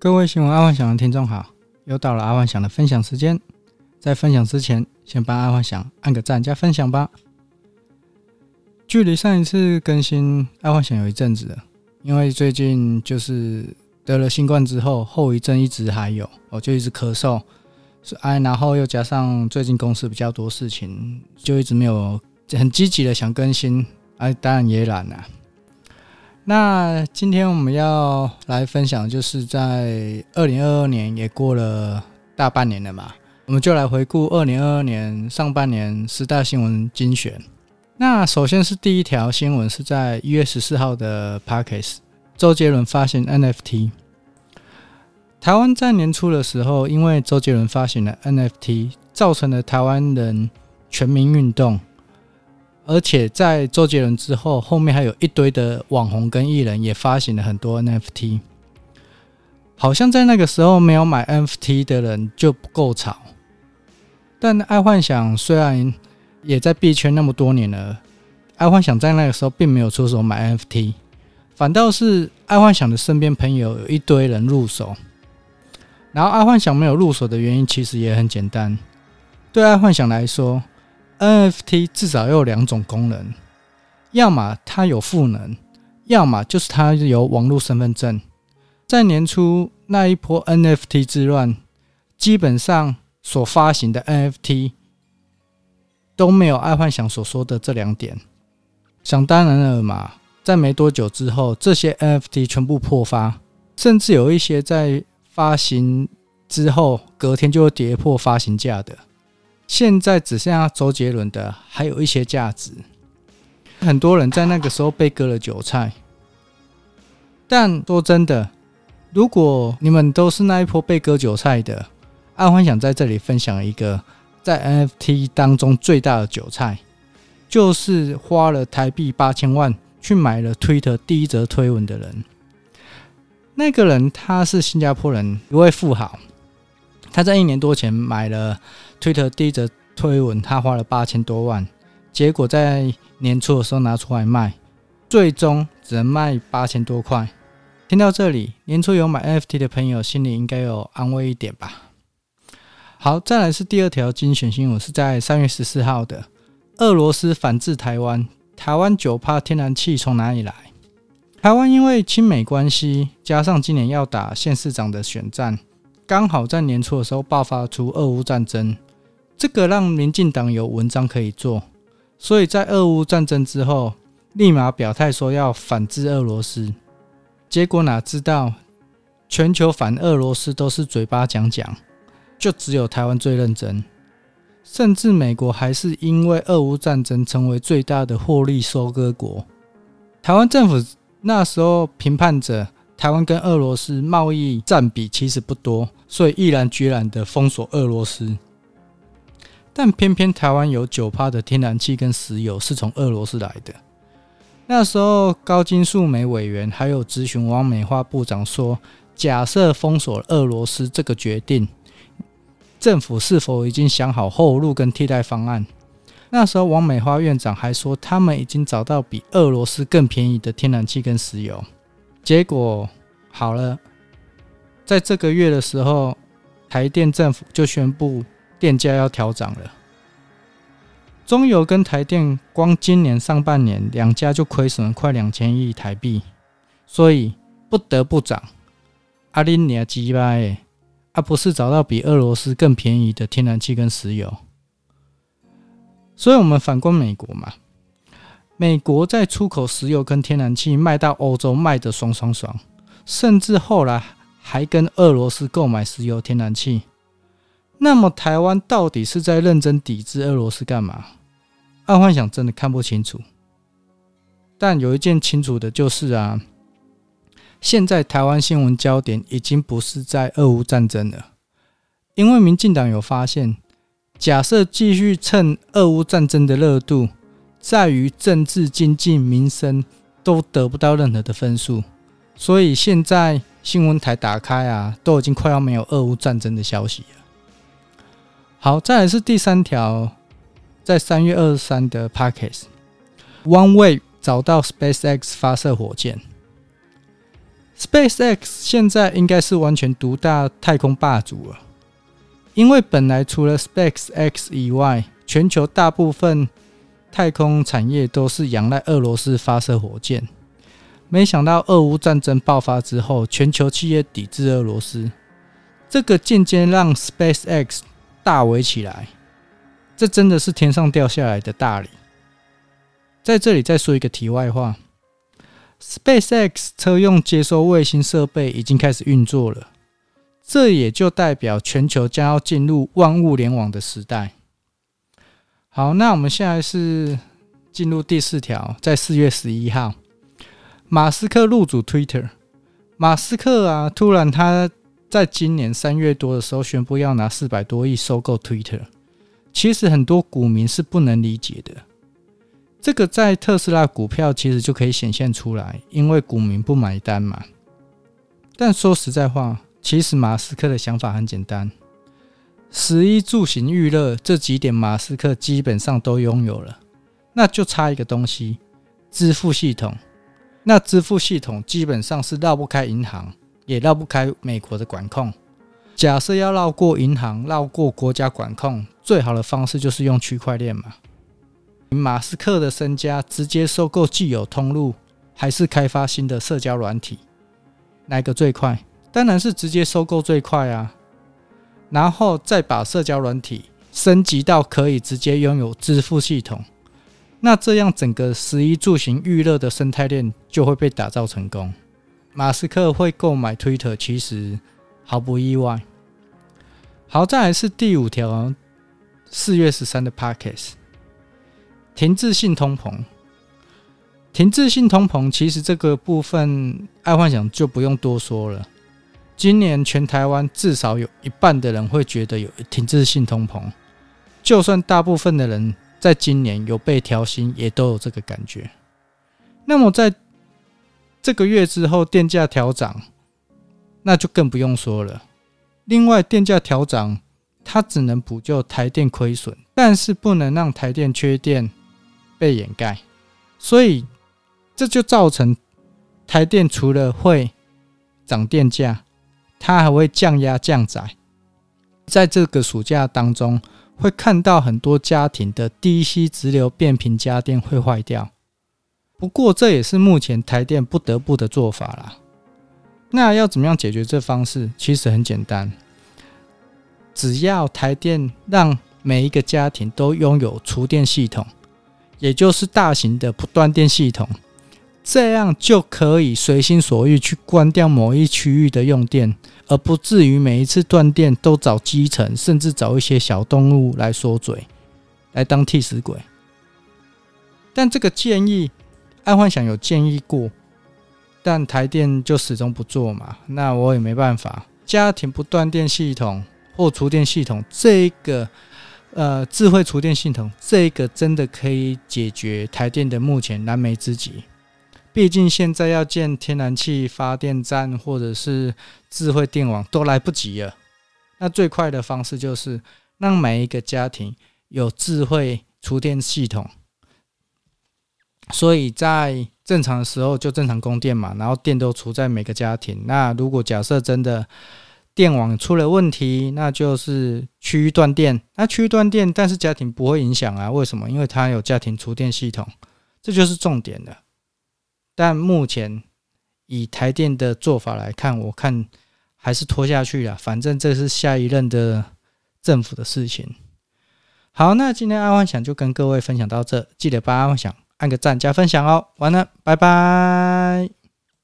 各位喜歡阿幻想的聽眾好，又到了阿幻想的分享時間。在分享之前，先幫阿幻想按個讚加分享吧。距離上一次更新阿幻想有一陣子了，因為最近就是得了新冠之後後遺症一直還有，我就一直咳嗽。哎、啊，然後又加上最近公司比較多事情，就一直沒有很積極的想更新，哎、啊，當然也懶吶、啊。那今天我們要來分享，就是在二零二二年也過了大半年了嘛，我們就來回顧二零二二年上半年十大新聞精選。那首先是第一條新聞，是在一月十四號的 Podcast，周杰倫發行 NFT。台灣在年初的時候，因為周杰倫發行了 NFT，造成了台灣人全民運動。而且在周杰倫之後，後面還有一堆的網紅跟藝人也發行了很多 NFT，好像在那個時候沒有買 NFT 的人就不夠潮。但愛幻想雖然也在幣圈那麼多年了，愛幻想在那個時候並沒有出手買 NFT，反倒是愛幻想的身邊朋友有一堆人入手。然後愛幻想沒有入手的原因其實也很簡單，對愛幻想來說。NFT 至少要有兩種功能，要麼它有賦能，要麼就是它有網絡身份證。在年初那一波 NFT 之亂，基本上所發行的 NFT 都沒有愛幻想所說的這兩點。想當然了嘛，在沒多久之後，這些 NFT 全部破發，甚至有一些在發行之後隔天就會跌破發行價的。現在只剩下周杰倫的，還有一些價值。很多人在那個時候被割了韭菜，但說真的，如果你們都是那一波被割韭菜的，阿歡想在這裡分享一個在 NFT 當中最大的韭菜，就是花了台幣八千萬去買了推特第一則推文的人。那個人他是新加坡人，一位富豪。他在一年多前買了推特第一則推文，他花了八千多萬，結果在年初的時候拿出來賣，最終只能賣八千多塊。聽到這裡，年初有買 NFT 的朋友心裡應該有安慰一點吧？好，再來是第二條精選新聞，是在三月十四號的，俄羅斯反制台灣，台灣九趴天然氣從哪裡來？台灣因為親美關係，加上今年要打縣市長的選戰。剛好在年初的時候爆發出俄烏戰爭，這個讓民進黨有文章可以做，所以在俄烏戰爭之後，立馬表態說要反制俄羅斯。結果哪知道，全球反俄羅斯都是嘴巴講講，就只有台灣最認真，甚至美國還是因為俄烏戰爭成為最大的獲利收割國。台灣政府那時候評判者。台灣跟俄羅斯貿易占比其實不多，所以毅然決然的封鎖俄羅斯。但偏偏台灣有九趴的天然氣跟石油是從俄羅斯來的。那時候高金素梅委員還有質詢王美花部長說，假設封鎖俄羅斯這個決定，政府是否已經想好後路跟替代方案？那時候王美花院長還說，他們已經找到比俄羅斯更便宜的天然氣跟石油。結果好了，在這個月的時候，台電政府就宣布電價要調整了。中油跟台電光今年上半年兩家就虧損快兩千億台幣，所以不得不漲。阿林尼亞基巴耶而不是找到比俄羅斯更便宜的天然氣跟石油，所以我們反觀美國嘛。美國在出口石油跟天然氣賣到歐洲，賣得爽爽爽，甚至後來還跟俄羅斯購買石油天然氣。那麼台灣到底是在認真抵制俄羅斯幹嘛？暗幻想，真的看不清楚。但有一件清楚的就是啊，現在台灣新聞焦點已經不是在俄烏戰爭了，因為民進黨有發現，假設繼續趁俄烏戰爭的熱度。在於政治、經濟、民生都得不到任何的分數，所以現在新聞台打開啊，都已經快要沒有俄烏戰爭的消息了。好，再來是第三條，在三月二十三的 Package OneWeb 找到 SpaceX 發射火箭。SpaceX 現在應該是完全獨大太空霸主了，因為本來除了 SpaceX 以外，全球大部分。太空產業都是仰賴俄羅斯發射火箭，沒想到俄烏戰爭爆發之後，全球企業抵制俄羅斯，這個漸漸讓 SpaceX 大為起來。這真的是天上掉下來的大禮。在這裡再說一個題外話，SpaceX 車用接收衛星設備已經開始運作了，這也就代表全球將要進入萬物聯網的時代。好，那我們現在是進入第四條，在四月十一號，馬斯克入主 Twitter。馬斯克啊，突然他在今年三月多的時候宣布要拿四百多億收購 Twitter，其實很多股民是不能理解的。這個在特斯拉股票其實就可以顯現出來，因為股民不買單嘛。但說實在話，其實馬斯克的想法很簡單。食衣住行娛樂這幾點，馬斯克基本上都擁有了，那就差一個東西——支付系統。那支付系統基本上是繞不開銀行，也繞不開美國的管控。假設要繞過銀行，繞過國家管控，最好的方式就是用區塊鏈嘛？馬斯克的身家，直接收購既有通路，還是開發新的社交軟體？哪個最快？當然是直接收購最快啊！然後再把社交軟體升級到可以直接擁有支付系統，那這樣整個食衣住行娛樂的生態鏈就會被打造成功。馬斯克會購買 Twitter，其實毫不意外。好，再來是第五條，四月十三的 packets，停滯性通膨。停滯性通膨，其實這個部分愛幻想就不用多說了。今年全台灣至少有一半的人會覺得有停滯性通膨，就算大部分的人在今年有被調薪，也都有這個感覺。那麼在這個月之後電價調漲，那就更不用說了。另外電價調漲，它只能補救台電虧損，但是不能讓台電缺電被掩蓋，所以這就造成台電除了會漲電價。它還會降壓降載，在這個暑假當中，會看到很多家庭的 DC 直流變頻家電會壞掉。不過，這也是目前台電不得不的做法啦。那要怎麼樣解決這方式？其實很簡單，只要台電讓每一個家庭都擁有儲電系統，也就是大型的不斷電系統，這樣就可以隨心所欲去關掉某一區域的用電。而不至於每一次斷電都找基層，甚至找一些小動物來說嘴，來當替死鬼。但這個建議，愛幻想有建議過，但台電就始終不做嘛。那我也沒辦法。家庭不斷電系統或儲電系統，這個呃，智慧儲電系統，這個真的可以解決台電的目前燃眉之急。畢竟現在要建天然氣發電站，或者是智慧電網都來不及了，那最快的方式就是讓每一個家庭有智慧儲電系統。所以在正常的時候就正常供電嘛，然後電都儲在每個家庭。那如果假設真的電網出了問題，那就是區域斷電。那區域斷電，但是家庭不會影響啊？為什麼？因為它有家庭儲電系統，這就是重點的。但目前以台電的做法來看，我看還是拖下去了。反正這是下一任的政府的事情。好，那今天阿旺想就跟各位分享到這，記得幫阿旺想按個讚加分享哦。完了，拜拜。